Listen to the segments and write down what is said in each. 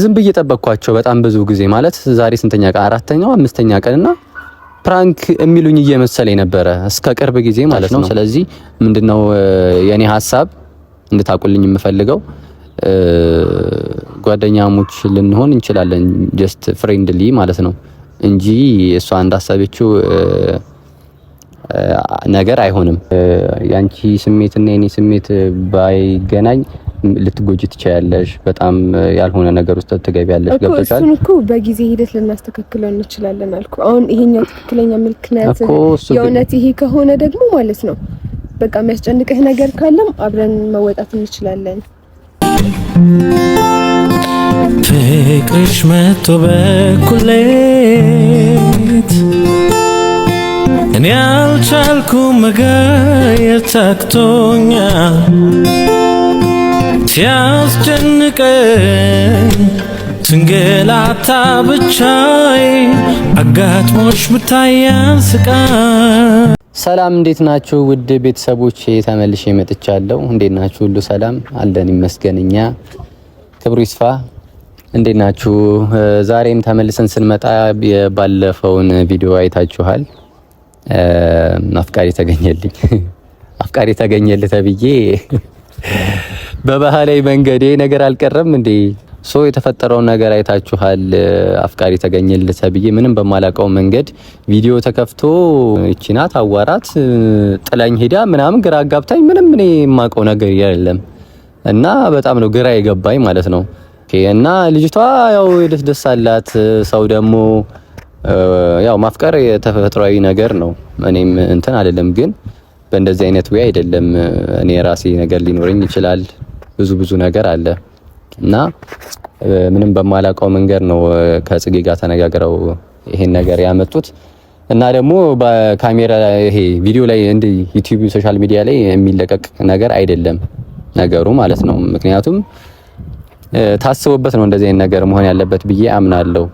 ዝም ብዬ ጠበቅኳቸው። በጣም ብዙ ጊዜ ማለት ዛሬ ስንተኛ ቀን? አራተኛው አምስተኛ ቀን እና ፕራንክ የሚሉኝ እየመሰለኝ ነበረ እስከ ቅርብ ጊዜ ማለት ነው። ስለዚህ ምንድነው የኔ ሀሳብ እንድታቁልኝ የምፈልገው ጓደኛሞች ልንሆን እንችላለን፣ ጀስት ፍሬንድሊ ማለት ነው እንጂ እሷ እንዳሰበችው ነገር አይሆንም። ያንቺ ስሜትና የኔ ስሜት ባይገናኝ ልትጎጂ ትችያለሽ። በጣም ያልሆነ ነገር ውስጥ ትገቢያለሽ። ገብቶሻል። እሱን እኮ በጊዜ ሂደት ልናስተካክለው እንችላለን አልኩ። አሁን ይሄኛው ትክክለኛ ምክንያት የእውነት ይሄ ከሆነ ደግሞ ማለት ነው በቃ የሚያስጨንቅህ ነገር ካለም አብረን መወጣት እንችላለን። ፍቅርሽ መቶ በኩሌት እኔ አልቻልኩም መጋየት ታክቶኛል ሲያስጨንቀኝ ስንገላታ ብቻዬ አጋጥሞሽ ብታያን ስቃይ። ሰላም እንዴት ናችሁ ውድ ቤተሰቦች? ተመልሼ መጥቻለሁ። እንዴት ናችሁ? ሁሉ ሰላም አለን ይመስገን። እኛ ክብሩ ይስፋ። እንዴት ናችሁ? ዛሬም ተመልሰን ስንመጣ የባለፈውን ቪዲዮ አይታችኋል። አፍቃሪ ተገኘልኝ አፍቃሪ ተገኘልህ ተብዬ በባህላዊ መንገድ ይሄ ነገር አልቀረም እንዴ? ሶ የተፈጠረውን ነገር አይታችኋል። አፍቃሪ ተገኘልህ ተብዬ ምንም በማላቀው መንገድ ቪዲዮ ተከፍቶ እቺናት አዋራት ጥላኝ ሄዳ ምናምን ግራ አጋብታኝ ምንም እኔ የማውቀው ነገር የለም እና በጣም ነው ግራ የገባኝ ማለት ነው። እና ልጅቷ ያው ደስ ደስ አላት። ሰው ደግሞ ያው ማፍቀር የተፈጥሯዊ ነገር ነው። እኔም እንትን አይደለም ግን በእንደዚህ አይነት ወይ አይደለም እኔ ራሴ ነገር ሊኖረኝ ይችላል ብዙ ብዙ ነገር አለ እና ምንም በማላውቀው መንገድ ነው ከጽጌ ጋር ተነጋግረው ይሄን ነገር ያመጡት እና ደግሞ በካሜራ ይሄ ቪዲዮ ላይ እንደ ዩቲዩብ ሶሻል ሚዲያ ላይ የሚለቀቅ ነገር አይደለም ነገሩ ማለት ነው። ምክንያቱም ታስቦበት ነው እንደዚህ አይነት ነገር መሆን ያለበት ብዬ አምናለሁ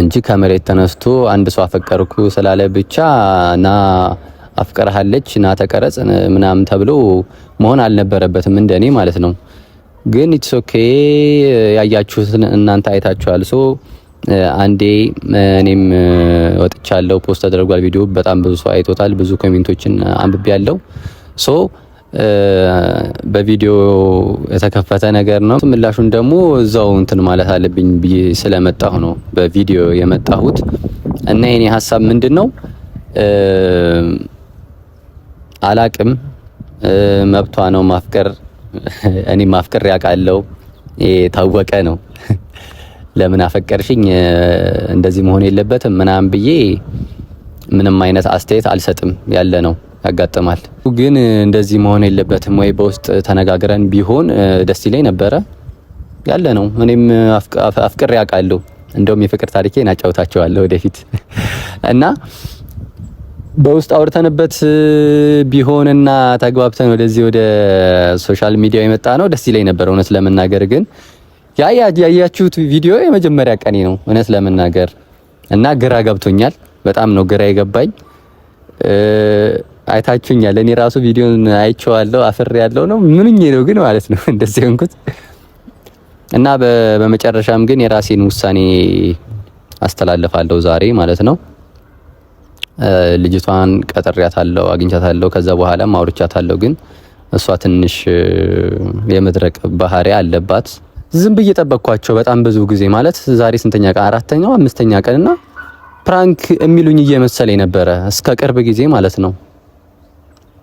እንጂ ከመሬት ተነስቶ አንድ ሰው አፈቀርኩ ስላለ ብቻ ና አፍቀረሃለች ና ተቀረጽ ምናምን ተብሎ መሆን አልነበረበትም፣ እንደኔ ማለት ነው። ግን ኢትስ ኦኬ ያያችሁትን እናንተ አይታችኋል። ሶ አንዴ እኔም ወጥቻለሁ፣ ፖስት ተደርጓል ቪዲዮ። በጣም ብዙ ሰው አይቶታል። ብዙ ኮሜንቶችን አንብቤ ያለው ሶ በቪዲዮ የተከፈተ ነገር ነው። ምላሹን ደግሞ እዛው እንትን ማለት አለብኝ ብዬ ስለመጣሁ ነው በቪዲዮ የመጣሁት እና የኔ ሀሳብ ምንድን ነው? አላቅም። መብቷ ነው ማፍቀር። እኔ ማፍቀር ያውቃለው የታወቀ ነው። ለምን አፈቀርሽኝ እንደዚህ መሆን የለበትም ምናምን ብዬ ምንም አይነት አስተያየት አልሰጥም። ያለ ነው ያጋጥማል። ግን እንደዚህ መሆን የለበትም ወይ በውስጥ ተነጋግረን ቢሆን ደስ ይለኝ ነበረ። ያለ ነው እኔም አፍቅሬ አውቃለሁ። እንደውም የፍቅር ታሪኬን አጫውታቸዋለሁ ወደፊት እና በውስጥ አውርተንበት ቢሆንና ተግባብተን ወደዚህ ወደ ሶሻል ሚዲያ የመጣ ነው ደስ ይለኝ ነበር። እውነት ለመናገር ግን ያ ያያችሁት ቪዲዮ የመጀመሪያ ቀኔ ነው እውነት ለመናገር እና ግራ ገብቶኛል። በጣም ነው ግራ የገባኝ። አይታችሁኛል። እኔ ራሱ ቪዲዮን አይቼዋለሁ። አፍሬ ያለው ነው ምንኝ ነው ግን ማለት ነው እንደዚህ ሆንኩት እና በመጨረሻም ግን የራሴን ውሳኔ አስተላልፋለሁ ዛሬ ማለት ነው። ልጅቷን ቀጥሬያታለሁ፣ አግኝቻታለሁ። ከዛ በኋላም አለው ግን እሷ ትንሽ የመድረቅ ባህሪ አለባት። ዝም ብዬ ጠበቅኳቸው በጣም ብዙ ጊዜ። ማለት ዛሬ ስንተኛ ቀን? አራተኛው አምስተኛ ቀን እና ፕራንክ የሚሉኝ እየመሰለኝ ነበረ እስከ ቅርብ ጊዜ ማለት ነው።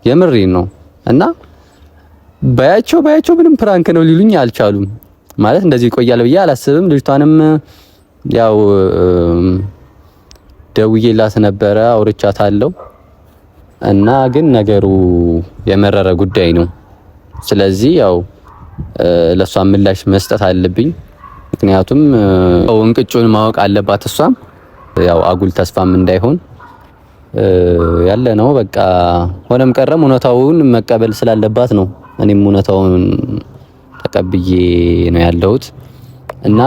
የምሬ ነው እና ባያቸው ባያቸው ምንም ፕራንክ ነው ሊሉኝ አልቻሉም። ማለት እንደዚህ ይቆያል ብዬ አላስብም። ልጅቷንም ያው ደውዬላት ነበረ አውርቻታለሁ እና ግን ነገሩ የመረረ ጉዳይ ነው። ስለዚህ ያው ለሷ ምላሽ መስጠት አለብኝ። ምክንያቱም እንቅጩን ማወቅ አለባት። እሷም ያው አጉል ተስፋም እንዳይሆን ያለ ነው። በቃ ሆነም ቀረም እውነታውን መቀበል ስላለባት ነው። እኔም እውነታውን ተቀብዬ ነው ያለሁት እና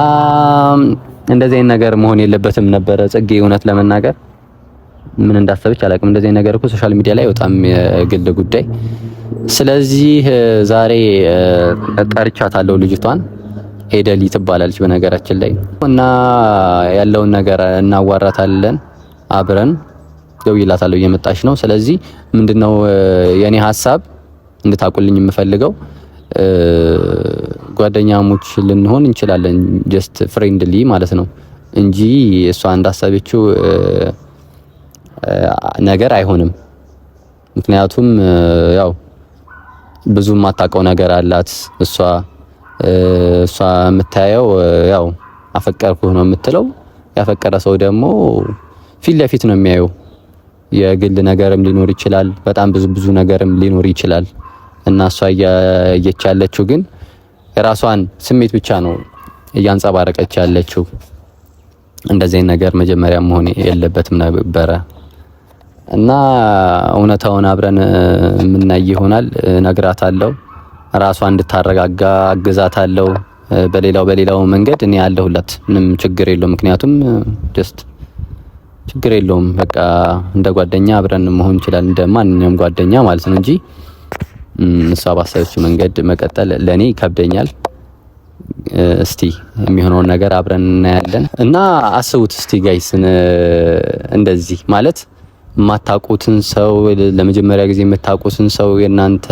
እንደዚህ አይነት ነገር መሆን የለበትም ነበረ። ጽጌ እውነት ለመናገር ምን እንዳሰበች አላውቅም። እንደዚህ ነገር እኮ ሶሻል ሚዲያ ላይ በጣም የግል ጉዳይ። ስለዚህ ዛሬ ጠርቻታለሁ ልጅቷን ኤደሊ ትባላለች በነገራችን ላይ እና ያለውን ነገር እናዋራታለን አብረን ደውይላታለሁ እየመጣች ነው። ስለዚህ ምንድነው የኔ ሀሳብ እንድታቁልኝ የምፈልገው ጓደኛሞች ልንሆን እንችላለን። ጀስት ፍሬንድሊ ማለት ነው እንጂ እሷ እንዳሰበችው ነገር አይሆንም። ምክንያቱም ያው ብዙ የማታውቀው ነገር አላት እሷ እሷ የምታየው ያው አፈቀርኩህ ነው የምትለው። ያፈቀረ ሰው ደግሞ ፊት ለፊት ነው የሚያየው። የግል ነገርም ሊኖር ይችላል። በጣም ብዙ ብዙ ነገርም ሊኖር ይችላል እና እሷ እያየች ያለችው ግን የራሷን ስሜት ብቻ ነው እያንጸባረቀች ያለችው። እንደዚህ ነገር መጀመሪያ መሆን የለበትም ነበረ እና እውነታውን አብረን የምናይ ይሆናል። ነግራታለሁ፣ ራሷ እንድታረጋጋ አግዛታለሁ። በሌላው በሌላው መንገድ እኔ ያለሁላት ምንም ችግር የለውም። ምክንያቱም ደስት ችግር የለውም። በቃ እንደ ጓደኛ አብረን መሆን ይችላል፣ እንደ ማንኛውም ጓደኛ ማለት ነው እንጂ እሷ ባሰበችው መንገድ መቀጠል ለእኔ ይከብደኛል። እስቲ የሚሆነውን ነገር አብረን እናያለን እና አስቡት እስቲ ጋይስን እንደዚህ ማለት የማታውቁትን ሰው ለመጀመሪያ ጊዜ የምታውቁትን ሰው የእናንተ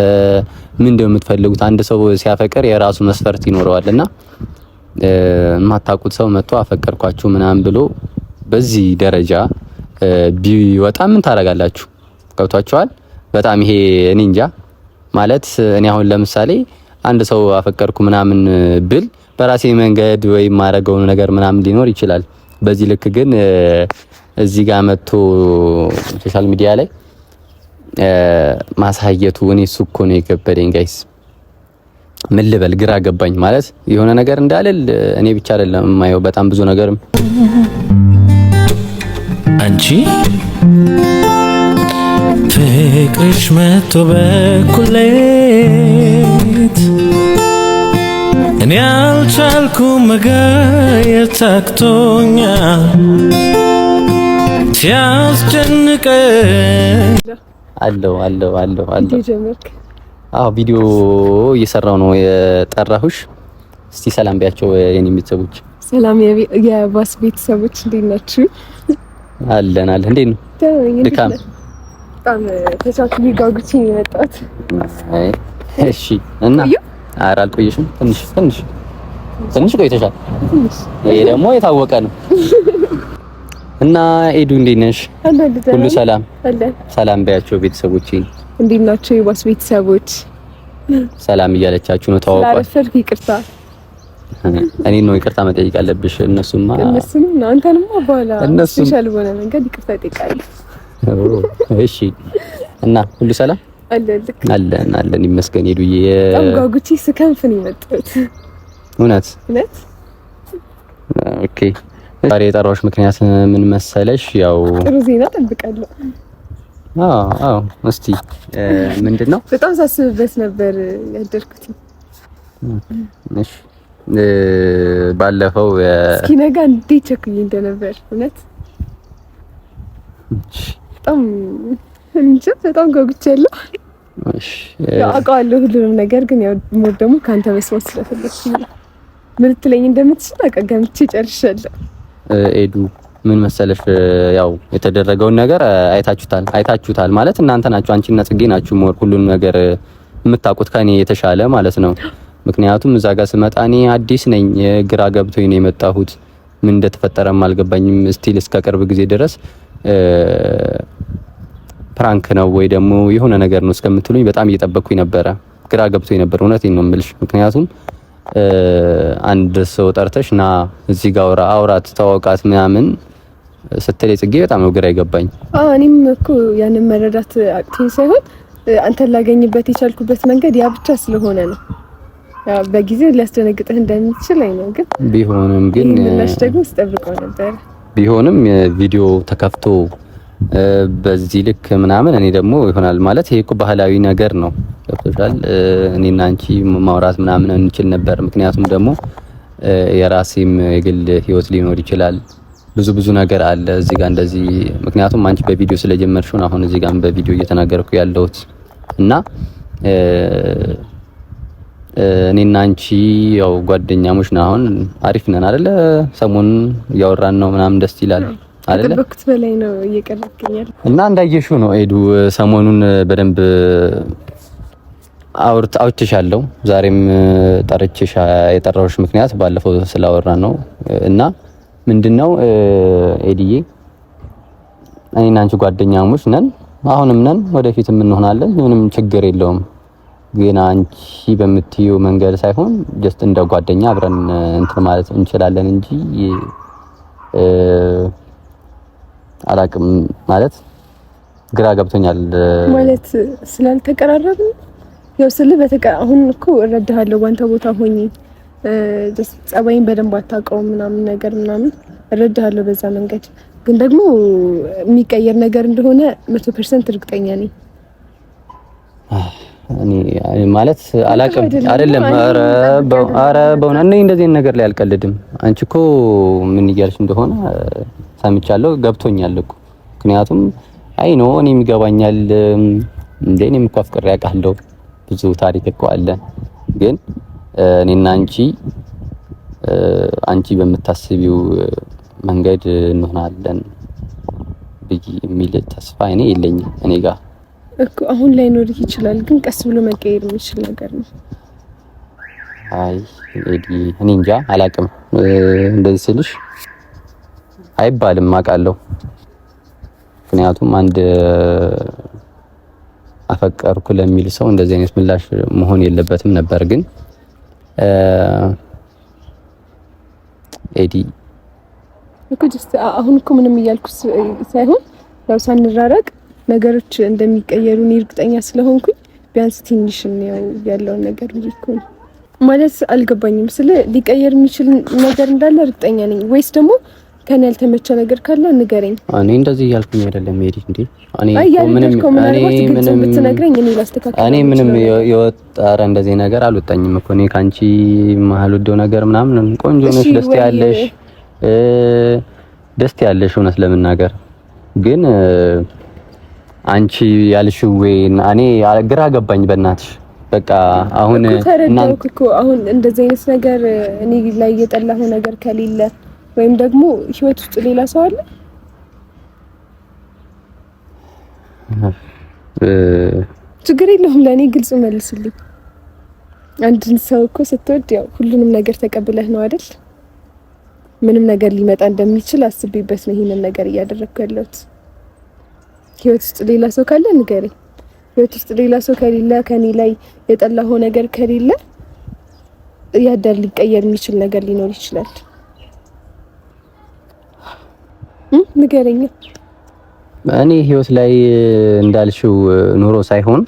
ምን የምትፈልጉት አንድ ሰው ሲያፈቅር የራሱ መስፈርት ይኖረዋል እና የማታውቁት ሰው መጥቶ አፈቀርኳችሁ ምናምን ብሎ በዚህ ደረጃ ቢወጣ ምን ታደርጋላችሁ? ገብቷችኋል? በጣም ይሄ እኔ እንጃ ማለት እኔ አሁን ለምሳሌ አንድ ሰው አፈቀርኩ ምናምን ብል በራሴ መንገድ ወይም ማረገው ነገር ምናምን ሊኖር ይችላል። በዚህ ልክ ግን እዚህ ጋር መጥቶ ሶሻል ሚዲያ ላይ ማሳየቱ እኔ እሱ እኮ ነው የገበደኝ። ጋይስ ምን ልበል ግራ ገባኝ። ማለት የሆነ ነገር እንዳልል እኔ ብቻ አይደለም የማየው በጣም ብዙ ነገርም አንቺ ፍቅርሽ መቶ በኩሌት እኔ አልቻልኩም መጋየት ታክቶኛ ሲያስጨንቀኝ አለው አለው አለው አለው። ቪዲዮ እየሰራው ነው የጠራሁሽ። እስቲ ሰላም ቢያቸው የኔ ቤተሰቦች። ሰላም የባስ ቤተሰቦች፣ እንዴት ናችሁ? አለን አለን። እንዴት ነው ድካም በጣም ተሳክቶ ሊጋጉት የመጣሁት እሺ። እና ኧረ አልቆየሽም። ትንሽ ትንሽ ትንሽ ቆይተሻል። ይሄ ደግሞ የታወቀ ነው። እና ኤዱ እንዴት ነሽ? ሁሉ ሰላም ሰላም በያቸው ቤተሰቦቼ። እንዴት ናቸው የባስ ቤተሰቦች? ሰላም እያለቻችሁ ነው። ተዋውቋል። ላረፈድኩ ይቅርታ። እኔ ነው ይቅርታ መጠየቅ ያለብሽ። እነሱማ እነሱም እናንተንም በኋላ ስፔሻል በሆነ መንገድ ይቅርታ ይጠይቃሉ። እሺ። እና ሁሉ ሰላም አለን አለን ይመስገን። ሄዱ በጣም ጓጉቼ ስከንፍ ነው የመጣሁት። እውነት እውነት። ኦኬ ዛሬ የጠራሁሽ ምክንያት ምን መሰለሽ? ያው ጥሩ ዜና ጠብቃለሁ። አዎ አዎ። እስቲ ምንድን ነው በጣም ሳስብበት ነበር ያደርኩት። እሺ ባለፈው እስኪ ነጋ እንዴት ቸኩዬ እንደነበር እውነት በጣም እንጂ በጣም ጓጉቻለሁ። እሺ አውቃለሁ ሁሉንም ነገር ግን ያው ሞት ደግሞ ካንተ መስማት ስለፈለኩ ምን ትለኝ እንደምትችል በቃ ገምቼ ጨርሻለሁ። ኤዱ ምን መሰለሽ፣ ያው የተደረገውን ነገር አይታችሁታል። አይታችሁታል ማለት እናንተ ናችሁ፣ አንቺና ጽጌ ናችሁ ሞር ሁሉንም ነገር የምታውቁት ከኔ የተሻለ ማለት ነው። ምክንያቱም እዛ ጋር ስመጣ እኔ አዲስ ነኝ፣ ግራ ገብቶኝ ነው የመጣሁት። ምን እንደተፈጠረም አልገባኝም። ስቲል እስከ ቅርብ ጊዜ ድረስ ፕራንክ ነው ወይ ደግሞ የሆነ ነገር ነው እስከምትሉኝ በጣም እየጠበቅኩኝ ነበረ። ግራ ገብቶ ነበር። እውነቴን ነው የምልሽ። ምክንያቱም አንድ ሰው ጠርተሽ ና እዚህ ጋር አውራ አውራት ተዋውቃት ምናምን ስትለይ ጽጌ በጣም ነው ግራ ይገባኝ። አዎ እኔም እኮ ያንን መረዳት አቅቶኝ ሳይሆን አንተን ላገኝበት የቻልኩበት መንገድ ያ ብቻ ስለሆነ ነው። በጊዜው ሊያስደነግጥህ እንደሚችል አይ ነው፣ ግን ቢሆንም ግን ምላሽ ደግሞ ስጠብቀው ነበር። ቢሆንም ቪዲዮ ተከፍቶ በዚህ ልክ ምናምን እኔ ደግሞ ይሆናል ማለት ይሄ እኮ ባህላዊ ነገር ነው። ገብቶሻል? እኔና አንቺ ማውራት ምናምን እንችል ነበር። ምክንያቱም ደግሞ የራሴም የግል ህይወት ሊኖር ይችላል። ብዙ ብዙ ነገር አለ እዚህ ጋር እንደዚህ። ምክንያቱም አንቺ በቪዲዮ ስለጀመርሽውን አሁን እዚህ ጋር በቪዲዮ እየተናገርኩ ያለሁት እና እኔና አንቺ ያው ጓደኛሞች ነን። አሁን አሪፍ ነን አይደለ? ሰሞኑን እያወራን ነው ምናምን ደስ ይላል። ከጠበኩት በላይ ነው እየቀረብከኛል። እና እንዳየሽው ነው ኤዱ፣ ሰሞኑን በደንብ አውርት አውርቼሻለሁ። ዛሬም ጠርቼሽ የጠራሁሽ ምክንያት ባለፈው ስላወራን ነው እና ምንድነው ኤድዬ እኔና አንቺ ጓደኛሞች ነን፣ አሁንም ነን፣ ወደፊትም እንሆናለን። ምንም ችግር የለውም። ግን አንቺ በምትዩ መንገድ ሳይሆን ጀስት እንደ ጓደኛ አብረን እንትን ማለት እንችላለን እንጂ አላቅም ማለት ግራ ገብቶኛል። ማለት ስላልተቀራረብን ያው ስል በተቀ አሁን እኮ እረዳሃለሁ። ባንተ ቦታ ሆኜ ጸባይን በደንብ አታውቀውም ምናምን ነገር ምናምን እረዳሃለሁ በዛ መንገድ። ግን ደግሞ የሚቀየር ነገር እንደሆነ መቶ ፐርሰንት እርግጠኛ ነኝ። ማለት አላቅም አይደለም። አረ በሆነ እኔ እንደዚህ ነገር ላይ አልቀልድም። አንቺ እኮ ምን እያልሽ እንደሆነ ሰምቻለሁ፣ ገብቶኛል እኮ ምክንያቱም አይ ነው እኔ የሚገባኛል። እንዴ እኔ እኮ አፍቅሬ አውቃለሁ። ብዙ ታሪክ እኮ አለ። ግን እኔና አንቺ አንቺ በምታስቢው መንገድ እንሆናለን ብዬ የሚል ተስፋ እኔ የለኝም እኔ ጋር እኮ አሁን ላይ ይችላል፣ ግን ቀስ ብሎ መቀየር የሚችል ነገር ነው። አይ ኤዲ፣ እኔ እንጃ አላቅም። እንደዚህ ስልሽ አይባልም አውቃለሁ። ምክንያቱም አንድ አፈቀርኩ ለሚል ሰው እንደዚህ አይነት ምላሽ መሆን የለበትም ነበር። ግን ኤዲ እኮ ጀስት አሁን እኮ ምንም እያልኩ ሳይሆን ያው ሳንራረቅ ነገሮች እንደሚቀየሩ እኔ እርግጠኛ ስለሆንኩኝ ቢያንስ ትንሽ ያው ያለውን ነገር ልጅኩኝ ማለት አልገባኝም። ስለ ሊቀየር የሚችል ነገር እንዳለ እርግጠኛ ነኝ ወይስ ደግሞ ከኔ ያልተመቸ ነገር ካለ ንገረኝ። እኔ እንደዚህ እያልኩኝ አይደለም ሄድ እንዲ እኔ ምንም እኔ የወጠረ እንደዚህ ነገር አልወጣኝም እኮ እኔ ከአንቺ መሀል ወደው ነገር ምናምን ቆንጆ ነሽ፣ ደስ ያለሽ ደስ ያለሽ እውነት ለምናገር ግን አንቺ ያልሽው እኔ ግራ ገባኝ። በእናትሽ በቃ አሁን ተረዳሁት እኮ አሁን እንደዚህ አይነት ነገር እኔ ላይ እየጠላሁ ነገር ከሌለ ወይም ደግሞ ህይወት ውስጥ ሌላ ሰው አለ ችግር የለውም። ለእኔ ግልጽ መልስልኝ። አንድን ሰው እኮ ስትወድ ያው ሁሉንም ነገር ተቀብለህ ነው አይደል? ምንም ነገር ሊመጣ እንደሚችል አስቤበት ነው ይሄንን ነገር እያደረግኩ ያለሁት። ህይወት ውስጥ ሌላ ሰው ካለ ንገሪ። ህይወት ውስጥ ሌላ ሰው ከሌለ ከኔ ላይ የጠላኸው ነገር ከሌለ ያዳር ሊቀየር የሚችል ነገር ሊኖር ይችላል። ንገረኛ እኔ ህይወት ላይ እንዳልሽው ኑሮ ሳይሆን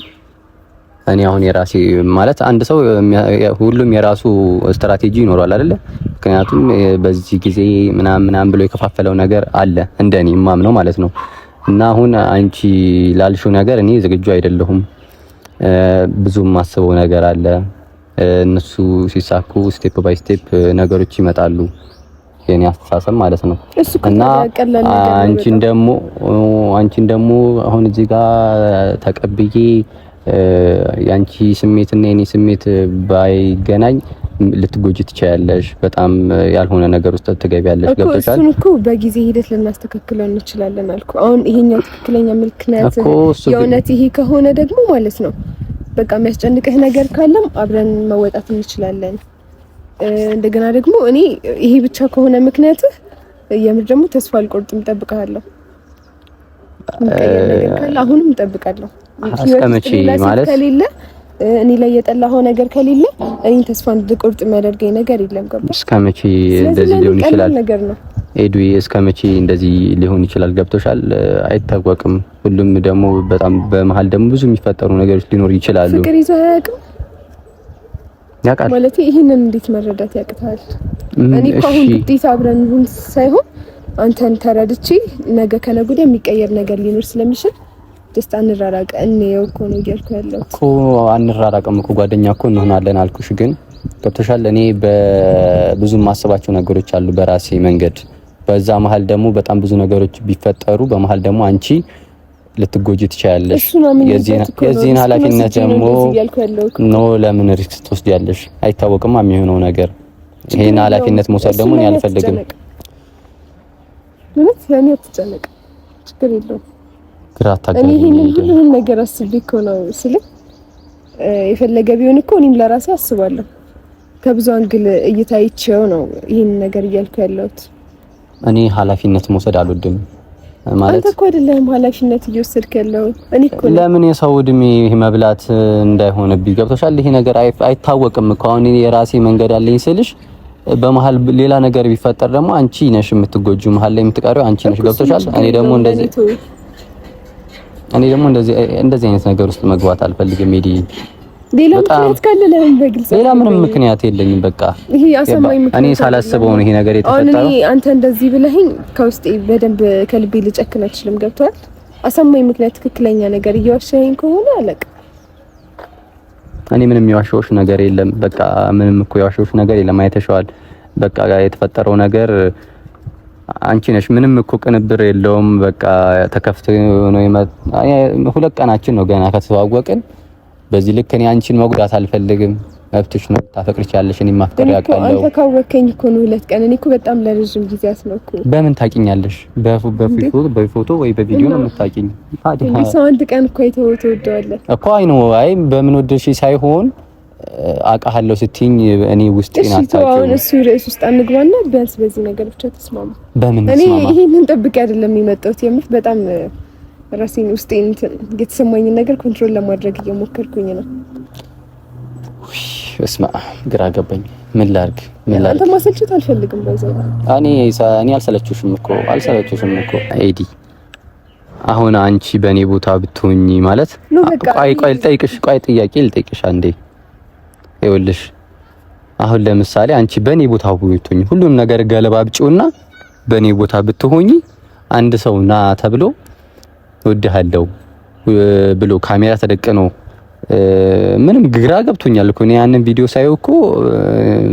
እኔ አሁን የራሴ ማለት አንድ ሰው ሁሉም የራሱ ስትራቴጂ ይኖረዋል አይደለ? ምክንያቱም በዚህ ጊዜ ምናምን ምናምን ብሎ የከፋፈለው ነገር አለ እንደኔ ማምነው ማለት ነው። እና አሁን አንቺ ላልሽው ነገር እኔ ዝግጁ አይደለሁም። ብዙ የማስበው ነገር አለ። እነሱ ሲሳኩ ስቴፕ ባይ ስቴፕ ነገሮች ይመጣሉ። የኔ አስተሳሰብ ማለት ነው። እና አንቺን ደግሞ አንቺን ደግሞ አሁን እዚህ ጋር ተቀብዬ የአንቺ ስሜት እና የኔ ስሜት ባይገናኝ ልትጎጂ ትችያለሽ። በጣም ያልሆነ ነገር ውስጥ ትገቢያለሽ። ገብቶሻል። እሱን እኮ በጊዜ ሂደት ልናስተካክለው እንችላለን አልኩ። አሁን ይሄኛው ትክክለኛ ምክንያት የእውነት ይሄ ከሆነ ደግሞ ማለት ነው በቃ የሚያስጨንቅህ ነገር ካለም አብረን መወጣት እንችላለን። እንደገና ደግሞ እኔ ይሄ ብቻ ከሆነ ምክንያትህ የምር ደግሞ ተስፋ አልቆርጥም፣ እጠብቅሃለሁ። አሁንም እጠብቃለሁ። እስከመቼ ማለት ከሌለ እኔ ላይ የጠላኸው ነገር ከሌለ እኔ ተስፋ እንድቆርጥ የሚያደርገኝ ነገር የለም። ገባሽ? እስከመቼ እንደዚህ ሊሆን ይችላል ነገር ነው ኤድዊ፣ እስከመቼ እንደዚህ ሊሆን ይችላል? ገብቶሻል? አይታወቅም። ሁሉም ደግሞ በጣም በመሀል ደግሞ ብዙ የሚፈጠሩ ነገሮች ሊኖር ይችላሉ። ፍቅር ይዞ አያውቅም ያውቃል ማለት ይህንን እንዴት መረዳት ያቅታል? እኔ እኮ አሁን ግዴታ አብረን ሁን ሳይሆን አንተን ተረድቼ ነገ ከነገ ወዲያ የሚቀየር ነገር ሊኖር ስለሚችል ጀስት አንራራቀ እንየው እኮ ነው እያልኩ ያለው እኮ አንራራቀም እኮ ጓደኛ እኮ እንሆናለን አልኩሽ። ግን ገብቶሻል። እኔ በብዙ የማስባቸው ነገሮች አሉ በራሴ መንገድ። በዛ መሀል ደግሞ በጣም ብዙ ነገሮች ቢፈጠሩ በመሀል ደግሞ አንቺ ልትጎጂ ትችያለሽ። የዚህን ኃላፊነት ደግሞ ኖ ለምን ሪስክ ትወስጃለሽ? አይታወቅም የሚሆነው ነገር። ይሄን ኃላፊነት መውሰድ ደግሞ እኔ አልፈልግም። ምን ለኔ አትጨነቅ፣ ችግር የለውም ግራ ታገኝ። ይሄንን ሁሉንም ነገር አስቤ እኮ ነው ስልክ የፈለገ ቢሆን እኮ እኔም ለራሴ አስባለሁ። ከብዙ አንግል እየታይቸው ነው ይህን ነገር እያልኩ ያለሁት። እኔ ኃላፊነት መውሰድ አልወድም ማለት አንተ እኮ አይደለም ኃላፊነት እየወሰድክ ያለው እኔ እኮ ለምን የሰው እድሜ መብላት እንዳይሆንብኝ ገብቶሻል። ይሄ ነገር አይታወቅም እኮ አሁን የራሴ መንገድ አለኝ ስልሽ በመሀል ሌላ ነገር ቢፈጠር ደግሞ አንቺ ነሽ የምትጎጁ፣ መሀል ላይ የምትቀሪው አንቺ ነሽ። ገብቶሻል። እኔ ደግሞ እንደዚህ እኔ ደግሞ እንደዚህ አይነት ነገር ውስጥ መግባት አልፈልግም። ሜዲ ሌላ ምክንያት ካለ በግልጽ ሌላ ምንም ምክንያት የለኝም። በቃ ይሄ አሳማኝ ምክንያት እኔ ሳላስበው ነው ይሄ ነገር የተፈጠረው። እኔ አንተ እንደዚህ ብለህኝ ከውስጤ በደንብ ከልቤ ልጨክን አልችልም። ገብቷል። አሳማኝ ምክንያት፣ ትክክለኛ ነገር እየዋሸኸኝ ከሆነ አለቅ። እኔ ምንም የዋሸሁሽ ነገር የለም። በቃ ምንም እኮ የዋሸሁሽ ነገር የለም። አይተሸዋል። በቃ የተፈጠረው ነገር አንቺ ነሽ። ምንም እኮ ቅንብር የለውም። በቃ ተከፍቶ ነው ይመጣ። ሁለት ቀናችን ነው ገና ከተዋወቅን። በዚህ ልክ እኔ አንቺን መጉዳት አልፈልግም። መብትሽ ነው፣ ታፈቅርቻለሽ። እኔ ማፍቀር ያውቃለሁ። አንተ ካወከኝ እኮ ነው ሁለት ቀን። እኔ እኮ በጣም ለረጅም ጊዜ አስመኩ። በምን ታቂኛለሽ? በፎቶ ወይ በቪዲዮ ነው የምታቂኝ? ታዲያ አንድ ቀን እኮ የተወደዋለ እኮ አይ ነው አይ በምን ወደሽ ሳይሆን አውቃለሁ ስትይኝ እኔ ውስጤ ናታችሁ። እሺ አሁን እሱ ርዕስ ውስጥ አንግባና ቢያንስ በዚህ ነገር ብቻ ተስማሙ። በምን እኔ ይሄንን ጠብቄ አይደለም የመጣሁት። የምር በጣም ራሴን ውስጤን የተሰማኝን ነገር ኮንትሮል ለማድረግ እየሞከርኩኝ ነው። እስማ ግራ ገባኝ። ምን ላርግ? ምን ላርግ? አንተ ማሰልችት አልፈልግም። በዛ እኔ እኔ አልሰለችሽም እኮ አልሰለችሽም እኮ ኤዲ አሁን አንቺ በእኔ ቦታ ብትሆኚ ማለት ቆይ ቆይ ልጠይቅሽ ቆይ ጥያቄ ልጠይቅሽ አንዴ ይኸውልሽ አሁን ለምሳሌ አንቺ በእኔ ቦታ ብትሆኚ ሁሉም ነገር ገለባብጪውና በእኔ ቦታ ብትሆኚ አንድ ሰው ና ተብሎ ወድሃለው ብሎ ካሜራ ተደቅኖ ምንም ግራ ገብቶኛል እኮ እኔ ያንን ቪዲዮ ሳየው እኮ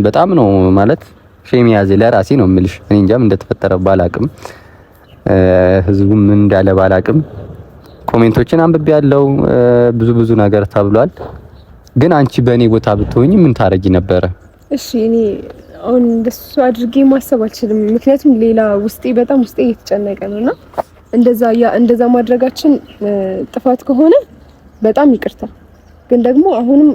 በጣም ነው ማለት ሼም ያዜ ለራሴ ነው የምልሽ። እኔ እንጃም እንደተፈጠረ ባላቅም ህዝቡም እንዳለ ባላቅም ኮሜንቶችን አንብቤ ያለው ብዙ ብዙ ነገር ተብሏል። ግን አንቺ በእኔ ቦታ ብትሆኝ ምን ታረጊ ነበረ? እሺ እኔ አሁን እንደሱ አድርጌ ማሰብ አልችልም። ምክንያቱም ሌላ ውስጤ በጣም ውስጤ እየተጨነቀ ነውና እንደዛ ያ እንደዛ ማድረጋችን ጥፋት ከሆነ በጣም ይቅርታ። ግን ደግሞ አሁንም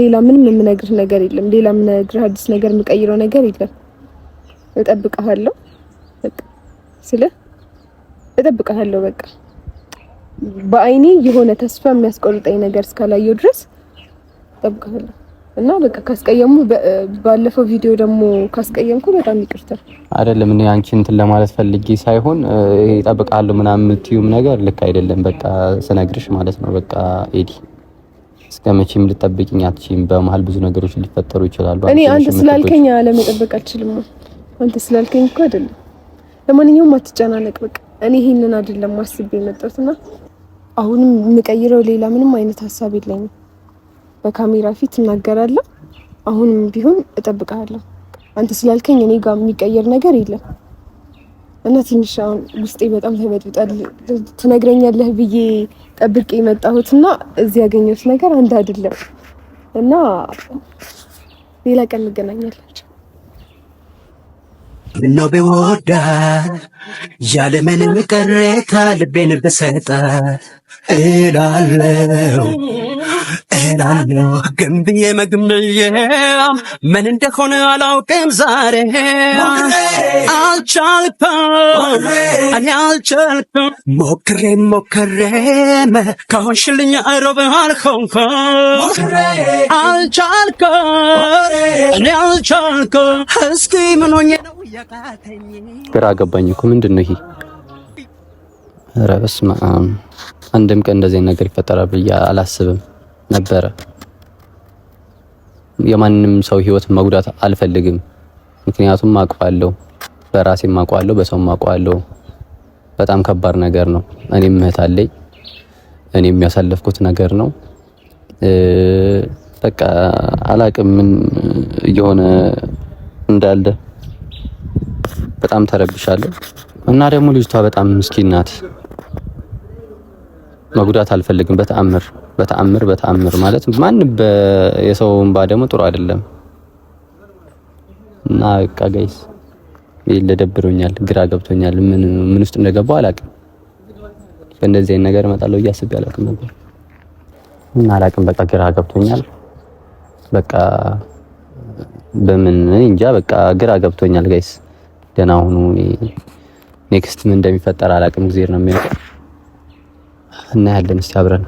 ሌላ ምንም የምነግርህ ነገር የለም። ሌላ የምነግርህ አዲስ ነገር የምቀይረው ነገር የለም። እጠብቅሃለሁ። በቃ ስለ እጠብቅሃለሁ በቃ በአይኔ የሆነ ተስፋ የሚያስቆርጠኝ ነገር እስካላየው ድረስ እጠብቅሃለሁ እና በቃ ካስቀየሙ ባለፈው ቪዲዮ ደግሞ ካስቀየምኩ በጣም ይቅርታል። አይደለም እኔ አንቺ እንትን ለማለት ፈልጌ ሳይሆን ይሄ እጠብቅሃለሁ ምናምን የምትይውም ነገር ልክ አይደለም። በቃ ስነግርሽ ማለት ነው። በቃ ኤዲ እስከ መቼም ልጠብቅኝ አትችይም። በመሀል ብዙ ነገሮች ሊፈጠሩ ይችላሉ። እኔ አንተ ስላልከኝ አለመጠበቅ አልችልም። አንተ ስላልከኝ እኮ አይደለም። ለማንኛውም አትጨናነቅ። በቃ እኔ ይሄንን አይደለም ማስብ የመጣሁት እና አሁንም የምቀይረው ሌላ ምንም አይነት ሀሳብ የለኝም። በካሜራ ፊት እናገራለሁ። አሁንም ቢሆን እጠብቃለሁ። አንተ ስላልከኝ እኔ ጋር የሚቀየር ነገር የለም እና ትንሽ አሁን ውስጤ በጣም ተበጥብጣል። ትነግረኛለህ ብዬ ጠብቄ የመጣሁትና እዚህ ያገኘሁት ነገር አንድ አይደለም እና ሌላ ቀን እንገናኛለን። ምነው ብወዳት ያለምንም ቅሬታ ልቤን ብሰጣ እላለው እላለሁ ግን መግምዬ ምን እንደሆነ አላውቅም። ዛሬ አልቻልኩም፣ እኔ አልቻልኩም። ሞክሬ ሞክሬም ከሆንሽልኝ እሮብ አልሆንኩም። አልቻልኩም፣ እኔ አልቻልኩም። እስኪ ምን ሆኜ ነው ያቃተኝ? ግራ ገባኝ እኮ ምንድን ነው ይሄ? ኧረ በስመ አብ! አንድም ቀን እንደዚህ ነገር ይፈጠራል ብዬ አላስብም። ነበረ። የማንም ሰው ህይወት መጉዳት አልፈልግም። ምክንያቱም አውቀዋለሁ፣ በራሴም አውቀዋለሁ፣ በሰውም አውቀዋለሁ። በጣም ከባድ ነገር ነው። እኔም እህት አለኝ፣ እኔ የሚያሳለፍኩት ነገር ነው። በቃ አላቅም ምን እየሆነ እንዳለ በጣም ተረብሻለሁ። እና ደግሞ ልጅቷ በጣም ምስኪን ናት። መጉዳት አልፈልግም በተአምር በተአምር በተአምር ማለት ማን የሰው እንባ ደግሞ ጥሩ አይደለም እና በቃ ጋይስ ይለደብሮኛል፣ ግራ ገብቶኛል። ምን ምን ውስጥ እንደገባው አላቅም። በእንደዚህ አይነት ነገር እመጣለሁ እያስብ አላቅም ነበር እና አላቅም። በቃ ግራ ገብቶኛል። በቃ በምን እንጃ በቃ ግራ ገብቶኛል ጋይስ። ደህና ሁኑ። ኔክስት ምን እንደሚፈጠር አላቅም። ጊዜ ነው የሚያውቀው እና ያለን እስቲ አብረን